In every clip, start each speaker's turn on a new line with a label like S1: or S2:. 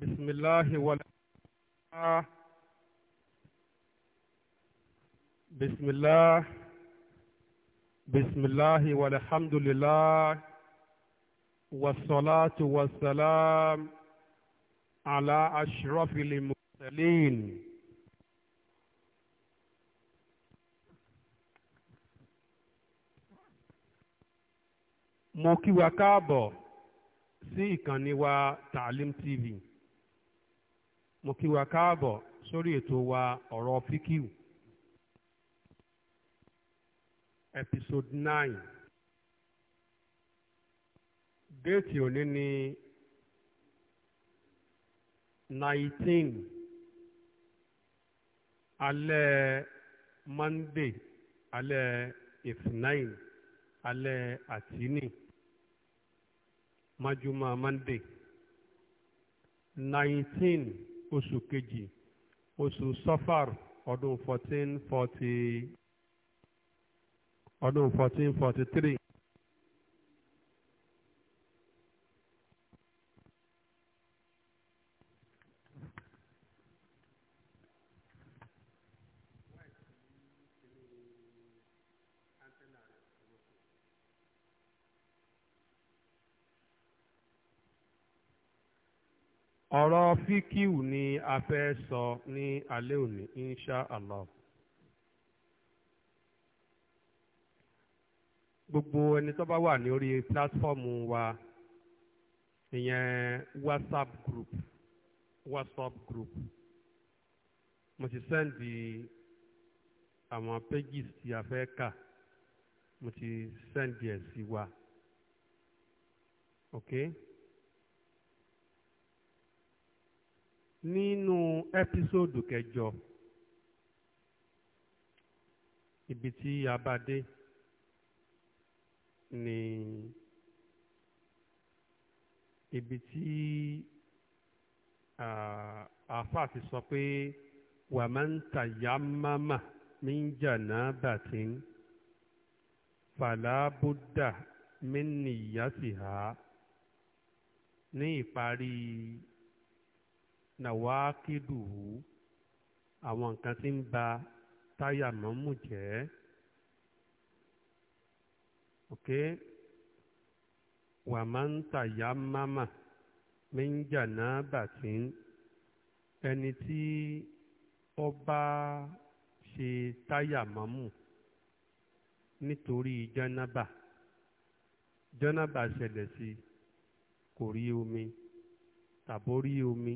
S1: بسم الله ولا بسم الله بسم الله والحمد لله والصلاة والسلام على أشرف المرسلين mo kí wa káàbọ̀ sí ìkànnì wa Taalim TV mo kí wa káàbọ̀ sórí ètò wa ọ̀rọ̀ fíkìw episode nine déètì òní ni nineteen alẹ́ monday alẹ́ ifnine alẹ́ àtìní májúmọ́ monday nineteen oṣù kejì oṣù sọfàr ọdún fourteen forty ọdún fourteen forty three ọ̀rọ̀ fíkìú ni a fẹ́ sọ ní alẹ́ òní insha allah. gbogbo ẹni tó bá wà ní orí pílátífọ́ọ̀mù wa ìyẹn whatsapp group whatsapp group mo ti sẹ́ndì àwọn pages tí a fẹ́ kà mo ti sẹ́ndì ẹ̀ sí wa. Okay? nínú ẹ́písòdù kẹjọ ibi tí a bá dé ni ibi tí àáfà ti sọ pé wà máa ń tàyà mámà mí ń jà náà bàtí ń fàlábùdà mí nìyá sì há ní ìparí nàwákìdùhù àwọn nǹkan tí ń ba táyà mọ́mù jẹ́ ok wà máa ń tàyà mámà mí ń jà náà bàtí ẹni tí ó bá ṣe táyà mọ́mù nítorí jánábà jánábà ṣẹlẹ̀ sí kò rí omi tàbó rí omi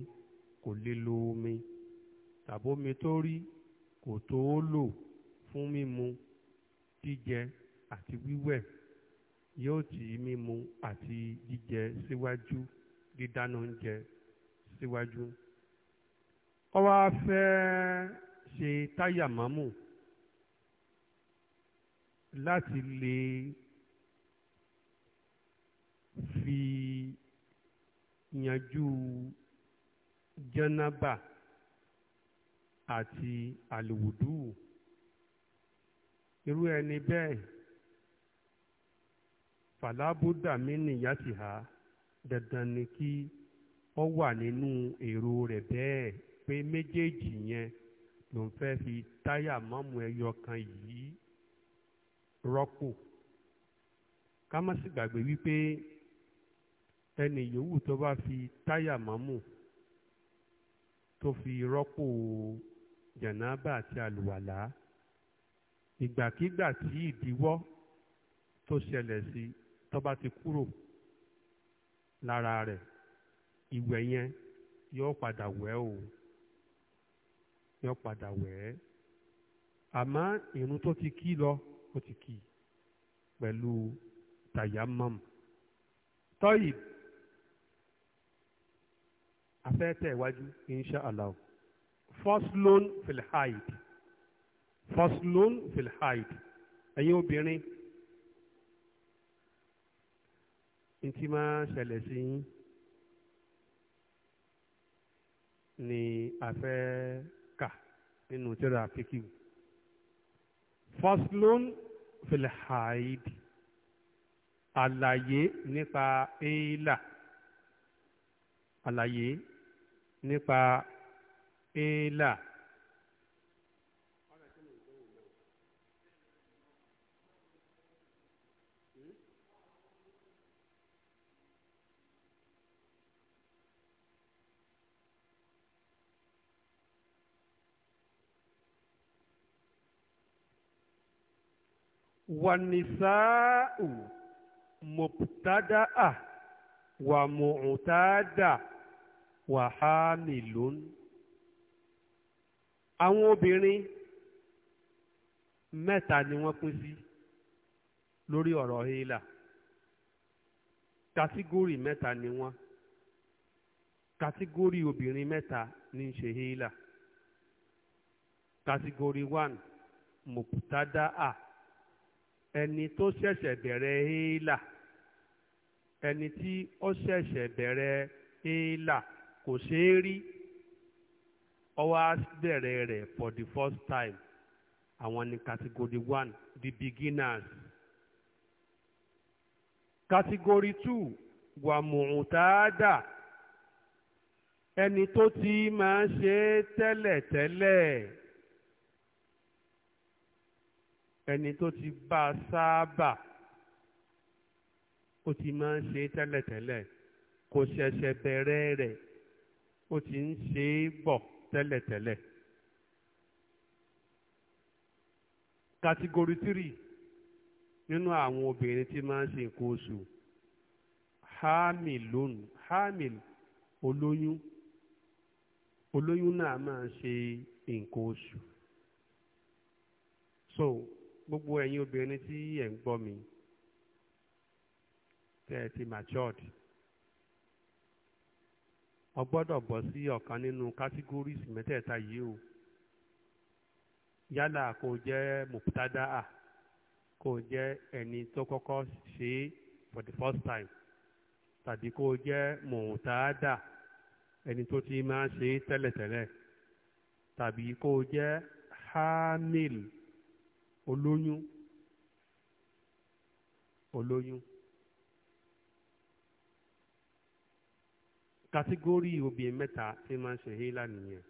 S1: kò lè lo omi tàbómi tó rí kò tó ó lò fún mímu jíjẹ àti wíwẹ̀ yóò tì í mímu àti jíjẹ síwájú dídáná oúnjẹ síwájú. ó wá fẹ́ ṣe táyà mámù láti lè fi yanjú jẹnaba àti àlùwùdú irú ẹni bẹ́ẹ̀ fàlábùdà mi dandan ni kí ọ wà nínú èrò rẹ̀ bẹ́ẹ̀ pé méjèèjì yẹn ló ń fẹ́ fi táyà mọ́mú ẹyọ kan yìí rọ́pò ká má sì gbàgbé wípé ẹni yòówù tó bá fi táyà mọ́mú tó fi rọ́pò jànábà àti àlùwàlá ìgbàkígbà tí ìdíwọ́ tó ṣẹlẹ̀ sí tó bá ti kúrò lára rẹ̀ ìwẹ̀ yẹn yóò padà wẹ̀ o yóò padà wẹ̀ ẹ́ àmọ́ ìrun tó ti kí lọ ó ti kí pẹ̀lú tàyámọ́mù tọ́yìí afẹ́tẹ̀ iwájú insha allah faslun filhaid faslun filhaid ẹ̀yin obìnrin ntí máa ṣẹlẹ̀ sí yín ni a fẹ́ kà nínú tírà fíkìw faslun filhaid àlàyé nípa éèlà àlàyé nípa éèlà. والنساء مُبْتَدَأَةٌ ومعتادة wàhálì lónìí àwọn obìnrin mẹ́ta ni wọ́n pín sí lórí ọ̀rọ̀ hélà kàtígórì mẹ́ta ni wọ́n kàtígórì obìnrin mẹ́ta ní í ṣe hélà kàtígórì one mùkútádá a ẹni tó ṣẹ̀ṣẹ̀ bẹ̀rẹ̀ hélà ẹni tí ó ṣẹ̀ṣẹ̀ bẹ̀rẹ̀ hélà. kò ṣeé rí ó bẹ̀rẹ̀ rẹ̀ for the first time àwọn ni category one the beginners category two wà mùtáàdà ẹni tó ti máa ń ṣe tẹ́lẹ̀tẹ́lẹ̀ ẹni tó ti bá a sáábà ó ti máa ń ṣe tẹ́lẹ̀tẹ́lẹ̀ kò ṣẹ̀ṣẹ̀ bẹ̀rẹ̀ rẹ̀ ó ti ń ṣe é bọ̀ tẹ́lẹ̀tẹ́lẹ̀. kàtígórì tírì nínú àwọn obìnrin tí máa ń ṣe nǹkan oṣù hamil lónìí hamil olóyún olóyún náà máa ń ṣe nǹkan oṣù so gbogbo ẹ̀yin obìnrin tí ẹ̀ ń gbọ́ mi tẹ́ ẹ ti matured wọ́n gbọ́dọ̀ bọ́ sí ọ̀kan nínú categories mẹ́tẹ̀ẹ̀ta yìí o yálà kó jẹ́ muptadaa kó jẹ́ ẹni tó kọ́kọ́ ṣe é for the first time tàbí kó jẹ́ mùtáàdà ẹni tó ti máa ṣe é tẹ́lẹ̀tẹ́lẹ̀ tàbí kó jẹ́ hamil olóyún olóyún. Kategori obìnrin mẹ́ta tí máa ń ṣe hélà nìyẹn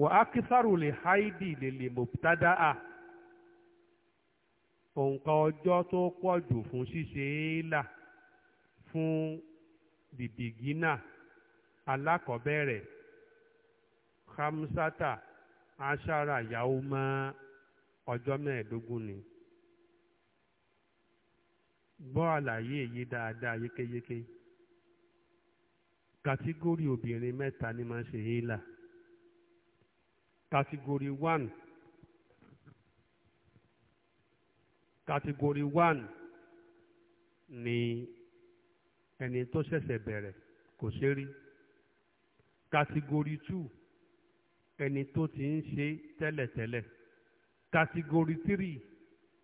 S1: wà á kísàrò lè háìdì lè lè mọ̀tádà à òǹkà ọjọ́ tó pọ̀ jù fún ṣíṣe hélà fún bìbìgínà alákọ̀ọ́bẹ̀rẹ̀ hamsata ashara yauma ọjọ́ mẹ́ẹ̀ẹ́dógún ni gbọ́ àlàyé èyí dáadáa yékéyéké. Yeke kàtígórì obìnrin mẹ́ta ni máa ń ṣe hélà kàtígórì one kàtígórì one ni ẹni tó ṣẹ̀ṣẹ̀ bẹ̀rẹ̀ kò ṣe rí kàtígórì two ẹni tó ti ń ṣe tẹ́lẹ̀tẹ́lẹ̀ kàtígórì three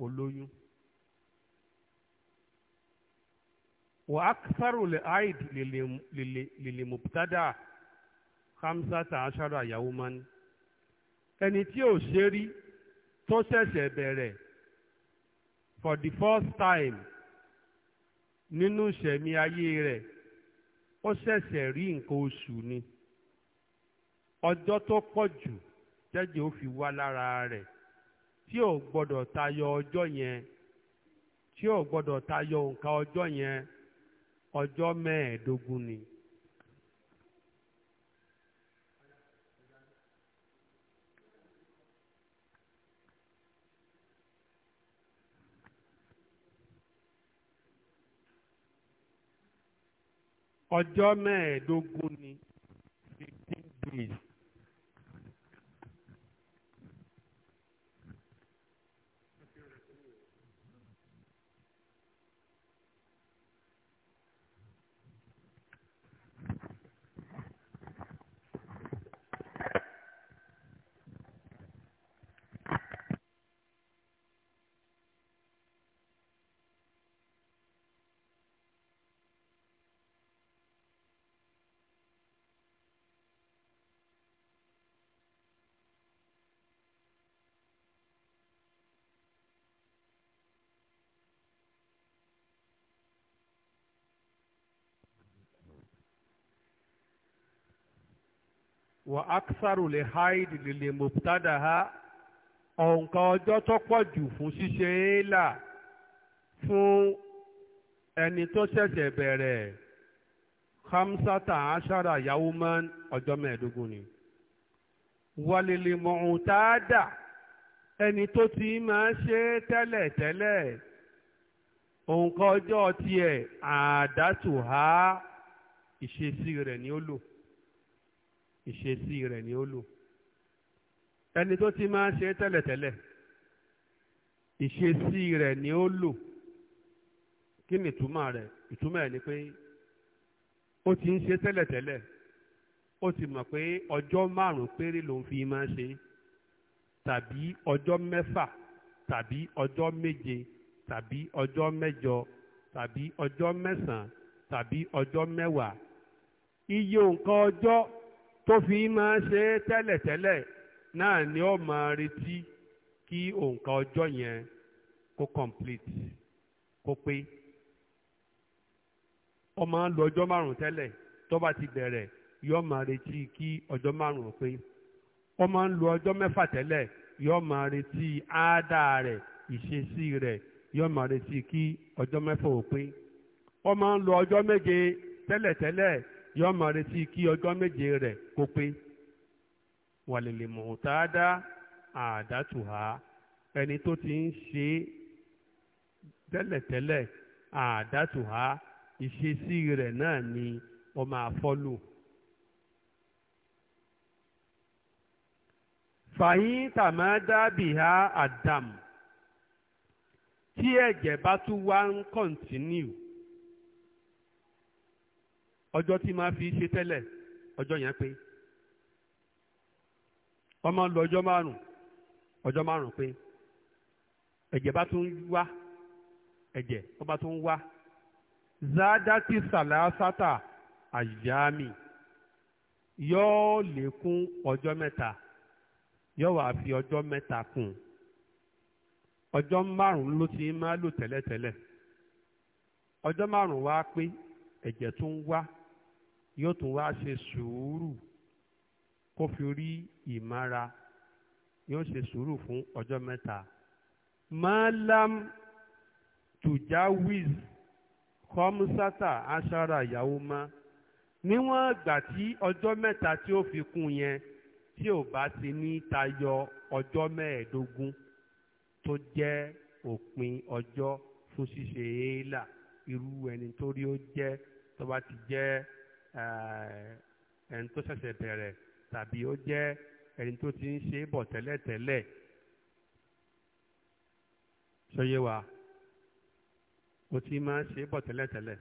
S1: olóyún wa aksaru le aid lili mubtada hamsata ashara yawman ẹni tí ò ṣe rí tó ṣẹ̀ṣẹ̀ bẹ̀rẹ̀ for the first time nínú ìṣẹ̀mí ayé rẹ̀ ó ṣẹ̀ṣẹ̀ rí nǹkan oṣù ni ọjọ́ tó pọ̀ jù jẹ́jẹ́ ó fi wá lára rẹ̀ tí ò gbọ́dọ̀ tayọ ọjọ́ yẹn tí ò gbọ́dọ̀ tayọ nǹkan ọjọ́ yẹn ọjọ́ mẹ́ẹ̀ẹ́dógún ni. ọjọ́ mẹ́ẹ̀ẹ́dógún ni fifteen days. wà áksàrò lè haid lè mọ̀tàdà ha ọ̀nkà ọjọ́ tó pọ̀ jù fún ṣíṣe é là fún ẹni tó ṣẹ̀ṣẹ̀ bẹ̀rẹ̀ hamsata ashara yawuman ọjọ́ mẹ́ẹ̀ẹ́dógún ni wàlìlì mọ̀tàdà ẹni tó ti máa ṣe tẹ́lẹ̀ tẹ́lẹ̀ òǹkà ọjọ́ tiẹ̀ àdátù ha ìṣesí rẹ̀ ni ó lò ìṣesí rẹ̀ ni ó lò ẹni tó ti máa ṣe tẹ́lẹ̀tẹ́lẹ̀ ìṣesí rẹ̀ ni ó lò kí ni ìtumọ̀ rẹ̀ ìtumọ̀ ẹ̀ ni pé ó ti ń ṣe tẹ́lẹ̀tẹ́lẹ̀ ó ti mọ̀ pé ọjọ́ márùn-ún péré ló ń fi máa ṣe tàbí ọjọ́ mẹ́fà tàbí ọjọ́ méje tàbí ọjọ́ mẹ́jọ tàbí ọjọ́ mẹ́sàn-án tàbí ọjọ́ mẹ́wàá iye nǹkan ọjọ́ tó fi máa ṣe tẹ́lẹ̀tẹ́lẹ̀ náà ni ó máa retí kí òǹkà ọjọ́ yẹn kó complete kó pé ó máa ń lo ọjọ́ márùn-ún tẹ́lẹ̀ tó bá ti bẹ̀rẹ̀ yóò máa retí kí ọjọ́ márùn-ún pé ó máa ń lo ọjọ́ mẹ́fà tẹ́lẹ̀ yóò máa retí àádá rẹ̀ ìṣesí rẹ̀ yóò máa retí kí ọjọ́ mẹ́fà ò pé ó máa ń lo ọjọ́ méje tẹ́lẹ̀tẹ́lẹ̀ yóò máa retí kí ọjọ́ méje rẹ̀ kó pé wàlẹ̀lẹ̀ mọ̀tàdá àdàtúhà ẹni tó ti ń ṣe tẹ́lẹ̀tẹ́lẹ̀ àdàtúhà ìṣesí rẹ̀ náà ni ó máa fọ́lù. fàyín tàmádá bìhá àdàm tí ẹ̀jẹ̀ bá tún wá ń kọ̀ǹtínú. ọjọ́ tí máa fi ṣe tẹ́lẹ̀ ọjọ́ yẹn pé ọmọ lọ ọjọ́ márùn ọjọ́ márùn pé ẹ̀jẹ̀ bá tún wá ẹ̀jẹ̀ ó bá tún wá zádàtì sàlásátà àyàmì yóò kún ọjọ́ mẹ́ta yóò wá fi ọjọ́ mẹ́ta kún ọjọ́ márùn ló ti máa lò tẹ́lẹ̀tẹ́lẹ̀ ọjọ́ márùn wá pé yóò tún wá ṣe sùúrù kó fi rí ìmára yóò ṣe sùúrù fún ọjọ́ mẹ́ta malam tujawiz kọmsátà aṣára ìyàwó má níwọ̀n ìgbà tí ọjọ́ mẹ́ta tí ó fi kún yẹn tí ò bá ti ní tayọ ọjọ́ mẹ́ẹ̀ẹ́dógún tó jẹ́ òpin ọjọ́ fún ṣíṣe èélà irú ẹni tó rí ó jẹ́ tó bá ti jẹ́ Eh, ẹni tó ṣẹ̀ṣẹ̀ bẹ̀rẹ̀ tàbí ó jẹ́ ẹni tó ti ń ṣe é bọ̀ tẹ́lẹ̀tẹ́lẹ̀ ṣọyé wa ó ti máa ń ṣe é bọ̀ tẹ́lẹ̀tẹ́lẹ̀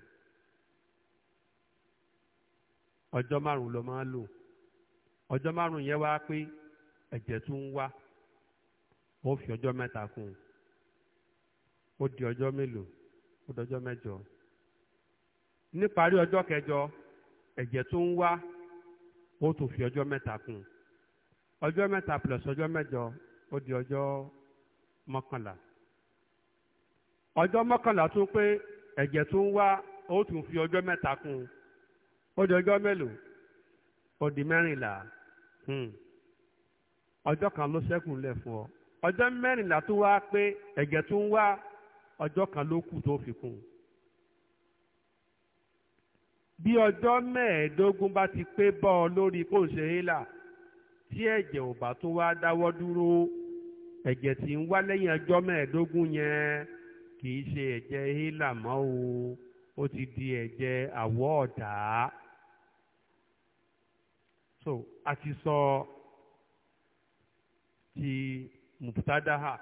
S1: ọjọ́ márùn-ún ló máa ń lò ọjọ́ márùn-ún yẹn wá pé ẹ̀jẹ̀ tún ń wá ó fi ọjọ́ mẹ́ta kún un ó di ọjọ́ mélòó ó dọjọ́ mẹ́jọ níparí ọjọ́ kẹjọ ẹ̀jẹ̀ tó ń wá ó tún fi ọjọ́ mẹ́ta kún ọjọ́ mẹ́ta plus ọjọ́ mẹ́jọ ó di ọjọ́ mọ́kànlá ọjọ́ mọ́kànlá tún pé ẹ̀jẹ̀ tó ń wá ó tún fi ọjọ́ mẹ́ta kún ó di ọjọ́ mélòó ó di mẹ́rìnlá hmm. ọjọ́ kan ló ṣẹ́kù ńlẹ̀ fún ọ ọjọ́ mẹ́rìnlá tó wá pé ẹ̀jẹ̀ tó ń wá ọjọ́ kan ló kù tó fi kún un. bí ọjọ́ mẹ́ẹ̀ẹ́dógún bá ti pé bọ́ ọ lórí kóńṣe hélà tí ẹ̀jẹ̀ ò bá tún wá dáwọ́ dúró ẹ̀jẹ̀ tí ń wá lẹ́yìn ọjọ́ mẹ́ẹ̀ẹ́dógún yẹn kì í ṣe ẹ̀jẹ̀ hélà mọ́ o ó ti di ẹ̀jẹ̀ àwọ̀ ọ̀dà so a ti sọ ti mùtádàhà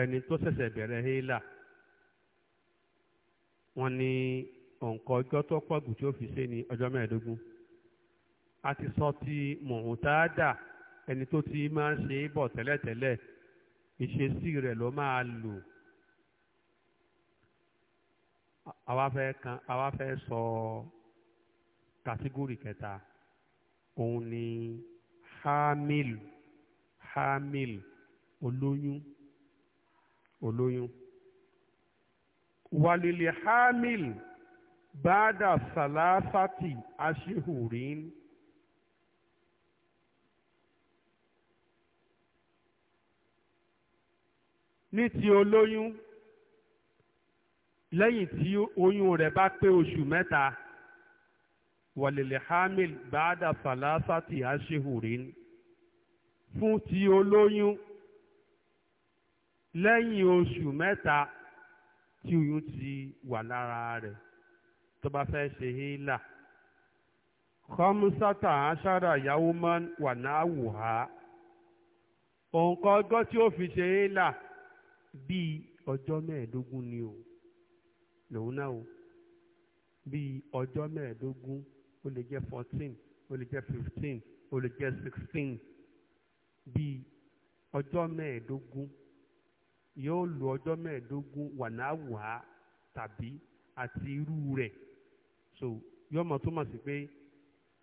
S1: ẹni tó ṣẹ̀ṣẹ̀ bẹ̀rẹ̀ hélà wọn ni. òǹkọ ọjọ́ tó pọ̀jù tí ó fi ṣe ní ọjọ́ mẹ́ẹ̀ẹ́dógún a ti sọ ti mọ̀húntáàdà ẹni tó ti máa ń ṣe é bọ̀ tẹ́lẹ̀tẹ́lẹ̀ ìṣesí rẹ̀ ló máa lò àwa fẹ́ sọ kàtígórì kẹta òun ni hamil hamil olóyún olóyún wàlìlì hamil. بعد salasati ashihurin ní ti olóyún lẹ́yìn tí oyún rẹ̀ bá pé oṣù mẹ́ta wàlìlì hamil bada salasati ashihurin fún ti olóyún lẹ́yìn oṣù mẹ́ta tí oyún ti wà lára rẹ̀ tó bá fẹ́ ṣe hílà kọ́mùsátà aṣára ìyàwó máa wà náà wò á òǹkọ́ ọgọ́ tí ó fi ṣe hílà bíi ọjọ́ mẹ́ẹ̀ẹ́dógún ni o lòun náà o bíi ọjọ́ mẹ́ẹ̀ẹ́dógún ó lè jẹ́ fourteen ó lè jẹ́ fifteen ó lè jẹ́ sixteen bíi ọjọ́ mẹ́ẹ̀ẹ́dógún yóò lo ọjọ́ mẹ́ẹ̀ẹ́dógún wà náà wò á tàbí àti irú rẹ̀ so yọmọ túmọ̀ sí pé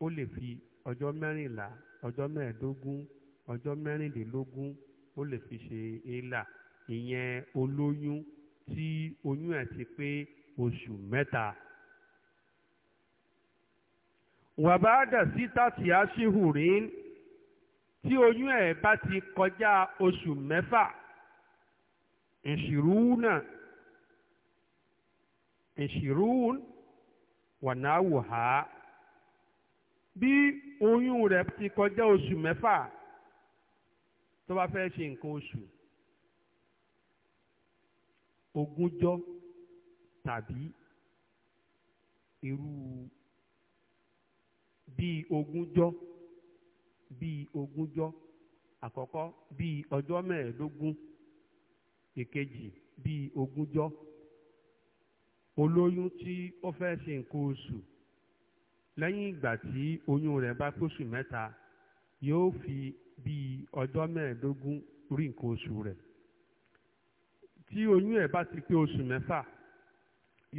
S1: ó lè fi ọjọ́ mẹ́rìnlá ọjọ́ mẹ́ẹ̀ẹ́dógún ọjọ́ mẹ́rìnlélógún ó lè fi ṣe éèlà ìyẹn olóyún tí oyún ẹ̀ ti pé oṣù mẹ́ta. wàbáàdà síta tí a ṣì hù rí tí oyún ẹ̀ bá ti kọjá oṣù mẹ́fà ìṣirúnà ìṣirún wànáwò ha bí oyún rẹ̀ ti kọjá oṣù mẹ́fà tó bá fẹ́ ṣe nǹkan oṣù ogúnjọ́ tàbí irú bíi ogúnjọ́ bíi ogúnjọ́ àkọ́kọ́ bíi ọjọ́ mẹ́ẹ̀ẹ́dógún ìkejì bíi ogúnjọ́ olóyún tí ó fẹ́ ṣe nǹkan oṣù lẹ́yìn ìgbà tí oyún rẹ̀ bá pósù mẹ́ta yóò fi bíi ọjọ́ mẹ́ẹ̀ẹ́dógún rí nǹkan oṣù rẹ̀ tí oyún ẹ̀ bá ti pé oṣù mẹ́fà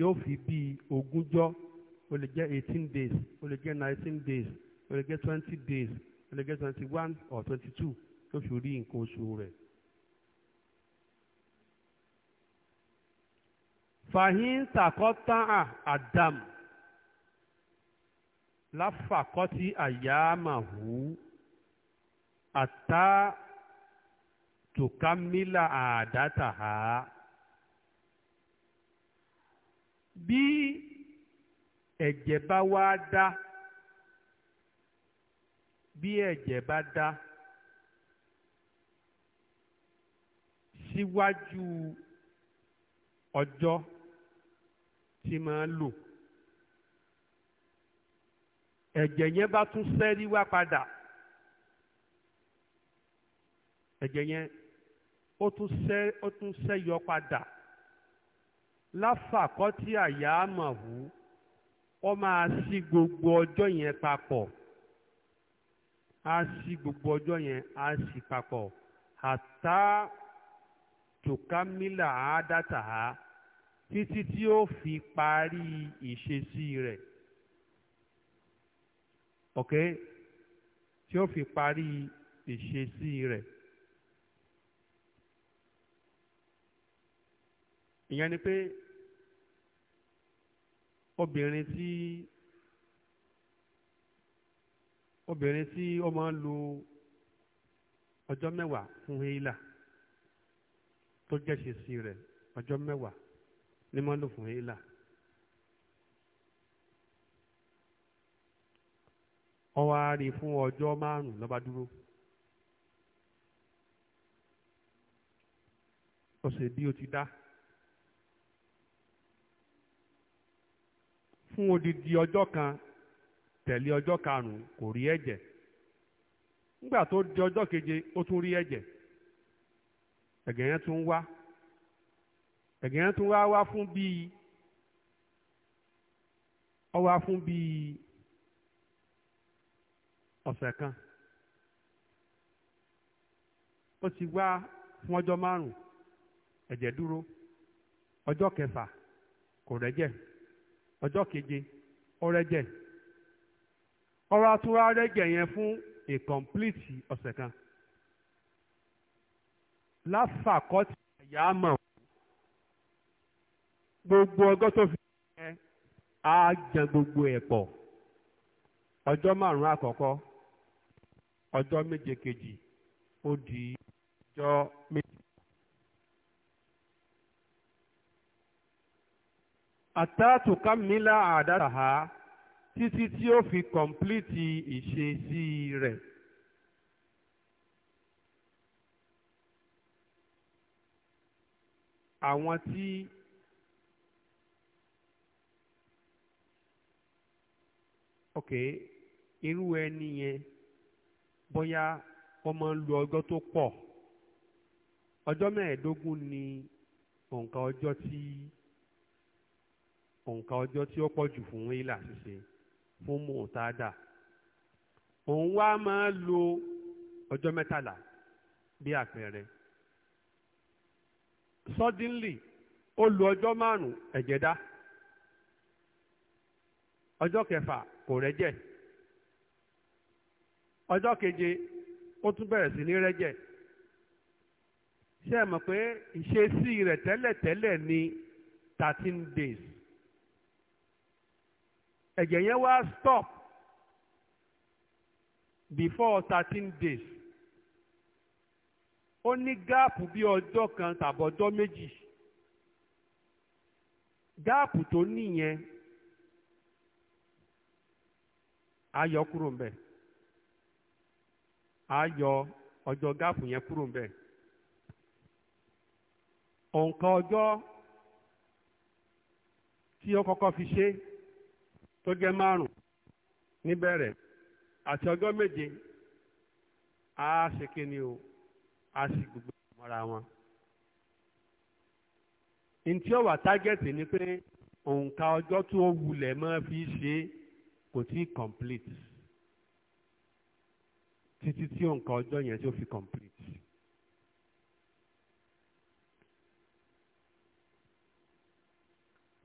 S1: yóò fi bíi ogúnjọ́ ó lè jẹ́ eighteen days ó lè jẹ́ nineteen days ó lè jẹ́ twenty days ó lè jẹ́ twenty one or twenty two yóò fi rí nǹkan oṣù rẹ̀ fàhín tàkọ́tà àdàm láfàkọ́tì àyàmàhù àtà tòkámílà àdátàhà bí ẹ̀jẹ̀ bá wá dá bí ẹ̀jẹ̀ bá dá síwájú ọjọ́. Si tí máa ń lò ẹ̀jẹ̀ yẹn bá tún sẹ́rí wá padà ẹ̀jẹ̀ yẹn ó tún sẹ́ ó tún sẹ́yọ padà láfàkọ́tì àyà àmàwù ó máa sí gbogbo ọjọ́ yẹn papọ̀ á sí gbogbo ọjọ́ yẹn á sì papọ̀ àtà tòkámílà àádátà á títí tí ó fi parí ìṣesí rẹ̀ ok tí ó fi parí ìṣesí rẹ̀ ìyẹn ni pé obìnrin tí obìnrin tí ó máa ń lo ọjọ́ mẹ́wàá fún hílà tó jẹ́ ṣe rẹ̀ ọjọ́ mẹ́wàá ni máa ń lò fún hélà ọwọ́ á rí fún ọjọ́ márùn-ún lọ́ba dúró ọ̀sẹ̀ bí o ti dá fún odidi ọjọ́ kan tẹ̀lé ọjọ́ karùn-ún kò rí ẹ̀jẹ̀ nígbà tó di ọjọ́ keje ó tún rí ẹ̀jẹ̀ ẹ̀gẹ̀ yẹn tún wá ẹ̀gẹ́ tún wá wá fún bíi ó wá fún bíi ọ̀sẹ̀ kan ó ti wá fún ọjọ́ márùn-ún ẹ̀jẹ̀ dúró ọjọ́ kẹfà kò rẹ́jẹ̀ ọjọ́ keje ó rẹ́jẹ̀ ọ̀rọ̀ àtúrà rẹ́jẹ̀ yẹn fún a complete ọ̀sẹ̀ kan láfàkọ́tì àyàmọ̀ gbogbo ọgọ́ tó fi ẹ á jẹ gbogbo ẹ̀ pọ̀ ọjọ́ márùn-ún àkọ́kọ́ ọjọ́ méje kejì ó di ọjọ́ méje. àtàtù kámílà àdáṣàhá títí tí ó fi kọ̀m̀plìtì ìṣesí rẹ̀. àwọn tí. ok irú ẹni yẹn bóyá wọ́n máa ń lo ọjọ́ tó pọ̀ ọjọ́ mẹ́ẹ̀ẹ́dógún ni òǹkà ọjọ́ tí òǹkà ọjọ́ tí ó pọ̀ jù fún ilà ṣíṣe fún mọ̀tàdà òun wá máa lo ọjọ́ mẹ́tàlá bí àpẹẹrẹ suddenly ó lo ọjọ́ márùn-ún ẹ̀jẹ̀ dá ọjọ́ kẹfà kò rẹ́jẹ̀ ọjọ́ keje ó tún bẹ̀rẹ̀ sí ní rẹ́jẹ̀ ṣé ẹ mọ̀ pé ìṣesí rẹ̀ tẹ́lẹ̀tẹ́lẹ̀ ni thirteen days ẹ̀jẹ̀ yẹn wá stop before thirteen days ó ní gáàpù bí ọjọ́ kan tàbọ̀jọ́ méjì gáàpù tó níyẹn á yọ kúrò ń bẹ̀ á yọ ọjọ́ gáàpù yẹn kúrò ń bẹ̀ òǹkà ọjọ́ tí ó kọ́kọ́ fi ṣe tó jẹ́ márùn níbẹ̀rẹ̀ àti ọjọ́ méje á ṣe kíni o á sì gbogbo mọ́ra wọn. ntí ó tágẹ́tì ni pé òǹkà ọjọ́ tó wulẹ̀ máa fi ṣe é kò tí complete títí tí òǹkà ọjọ́ yẹn tí ó fi complete.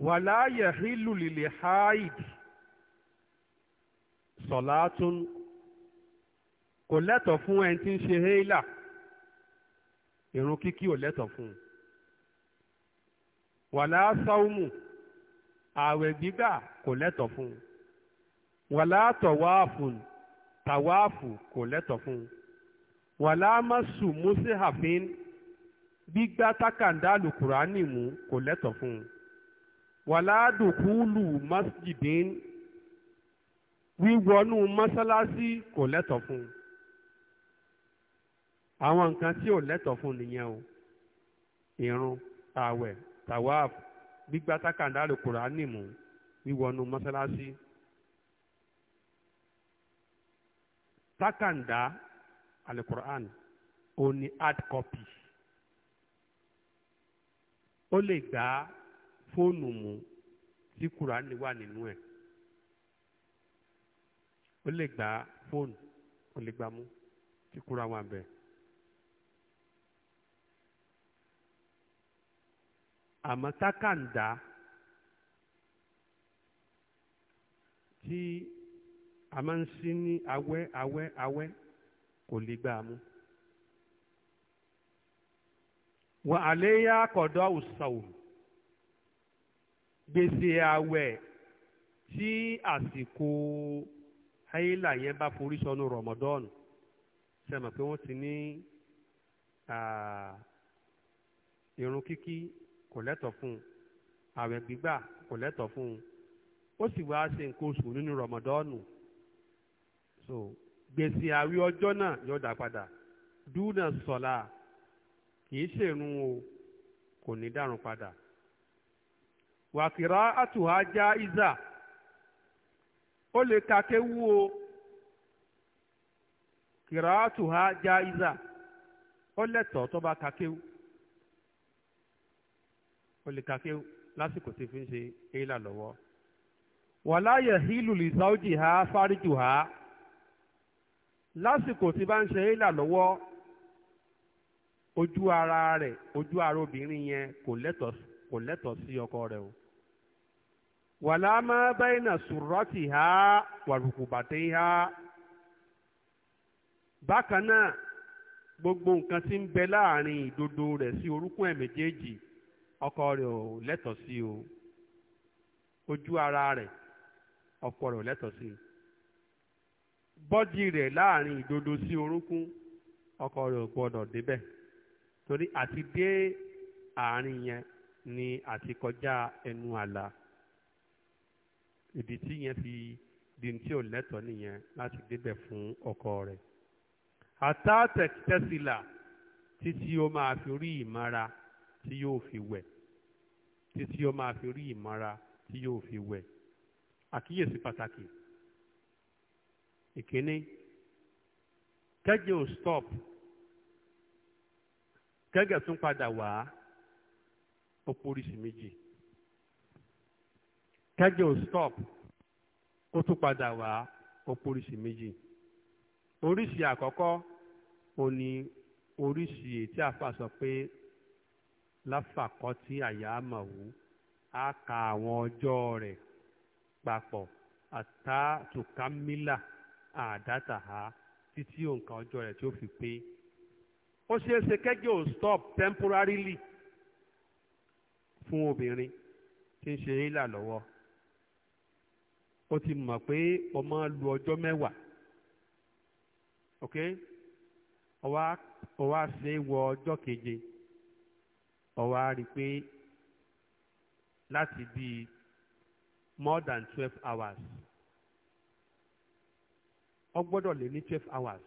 S1: wàlá yẹ̀hílù lìlì haid sọ̀látún kò lẹ́tọ̀ fún ẹni tí ń ṣe héélà ìrun kíkí ò lẹ́tọ̀ fún un wàlá sáúmù ààwẹ̀ gbígbà kò lẹ́tọ̀ fún un wàlá tọ̀wáàfù tàwáàfù kò lẹ́tọ̀ fún un wàlá mọ́sù mùsíhàfín gbígbá tákàndá lùkùránì mú kò lẹ́tọ̀ fún un wàlá masjidin wíwọnú mọ́sálásí kò lẹ́tọ̀ fún un àwọn nǹkan tí ò lẹ́tọ̀ fún nìyẹn o irun ààwẹ̀ gbígbá mú takanda alukur'an ó ní hard copy ó lè gbá fóònù mú tí kùránì wà nínú ẹ̀ ó lè gbá fóònù ó lè gbá mú tí kùránì wà bẹ́ẹ̀. àmọ́ tákàndá tí a máa ń sí ní awẹ́ awẹ́ awẹ́ kò lè gbà mú. wọ́n àléyá kọ̀dọ̀ ọ̀sàwò gbèsè àwẹ̀ tí àsìkò háílà yẹn bá forí sọnù rọ̀mọ́dọ́ọ̀nù ṣe mọ̀ pé wọ́n ti ní irun kíkí kò lẹ́tọ̀ fún un gbígbà kò lẹ́tọ̀ fún un ó sì wá ṣe nǹkan oṣù nínú rọ̀mọ́dọ́ọ̀nù so gbèsè àwẹ̀ ọjọ́ náà yóò dá padà dúnà sọ̀la kì í ṣèrun o kò ní dàrún padà wàkìrá àtùhá já ìzà ó lè ka kéwú o kìrá àtùhá já ìzà ó lẹ́tọ̀ọ́ tó bá ka kéwú ó lè ka kéwú lásìkò tí fi ń ṣe éèlà lọ́wọ́ wàláyẹ̀ hílù lìsáójì ha fáríjù ha. lásìkò tí bá ń ṣe hélà lọ́wọ́ ojú ara rẹ̀ ojú ara obìnrin yẹn kò lẹ́tọ̀ọ́ sí ọkọ rẹ̀ o. wàlámà bẹ́ẹ̀nà sùrọ́tì ha wàrùkùbàtẹ́ ha bákan náà gbogbo nǹkan ti ń bẹ láàrin ìdodo rẹ̀ sí orúnkún ẹ̀ méjèèjì ọkọ rẹ̀ ò o ojú ara rẹ̀ ọkọ rẹ̀ ò lẹ́tọ̀ọ́ sí o. bọ́dì rẹ̀ láàrin ìdodo sí orúnkún ọkọ rẹ̀ ò gbọ́dọ̀ débẹ̀ torí àti dé àárín yẹn ni àti kọjá ẹnu àlà ìdí tí yẹn fi di tí ò lẹ́tọ̀ọ́ nìyẹn láti débẹ̀ fún ọkọ rẹ̀ àtàtẹ̀ tẹ́sílà títí ó máa fi rí ìmara tí yóò fi wẹ̀ títí ó máa fi rí ìmara tí yóò fi wẹ̀ àkíyèsí pàtàkì ìkíní kẹ́gẹ́ ò stop kẹ́gẹ́ tún padà wá ó poríṣi méjì kẹ́gẹ́ ò stop ó tún padà wá ó poríṣi méjì oríṣi àkọ́kọ́ ò ní oríṣi ètí àfa sọ pé láfàkọ́ tí àyà mọ̀ wú á ka àwọn ọjọ́ rẹ̀ papọ̀ àtàtúkámílà àdáta ha títí òǹkà ọjọ́ rẹ̀ tí ó fi pé ó ṣeé ṣe kẹ́jọ́ ò stop temporarily fún obìnrin tí ń ṣe ìlà lọ́wọ́ ó ti mọ̀ pé ó máa lu ọjọ́ mẹ́wàá ok ó wá ó wá ṣe é wọ ọjọ́ keje ó wá rí i pé láti bíi more than twelve hours ọ gbọ́dọ̀ lé ní twelve hours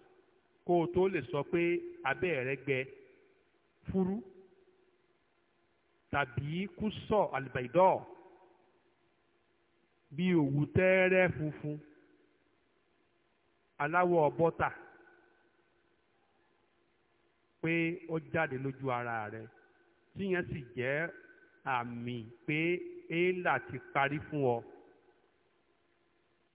S1: kó o tó lè sọ pé abẹ́ rẹ gbẹ fúrú tàbí kú sọ àlùbáìdọ́ bí òwú tẹ́ẹ́rẹ́ funfun aláwọ̀ bọ́tà pé ó jáde lójú ara rẹ tíyẹn sì jẹ́ àmì pé éèlà ti parí fún ọ.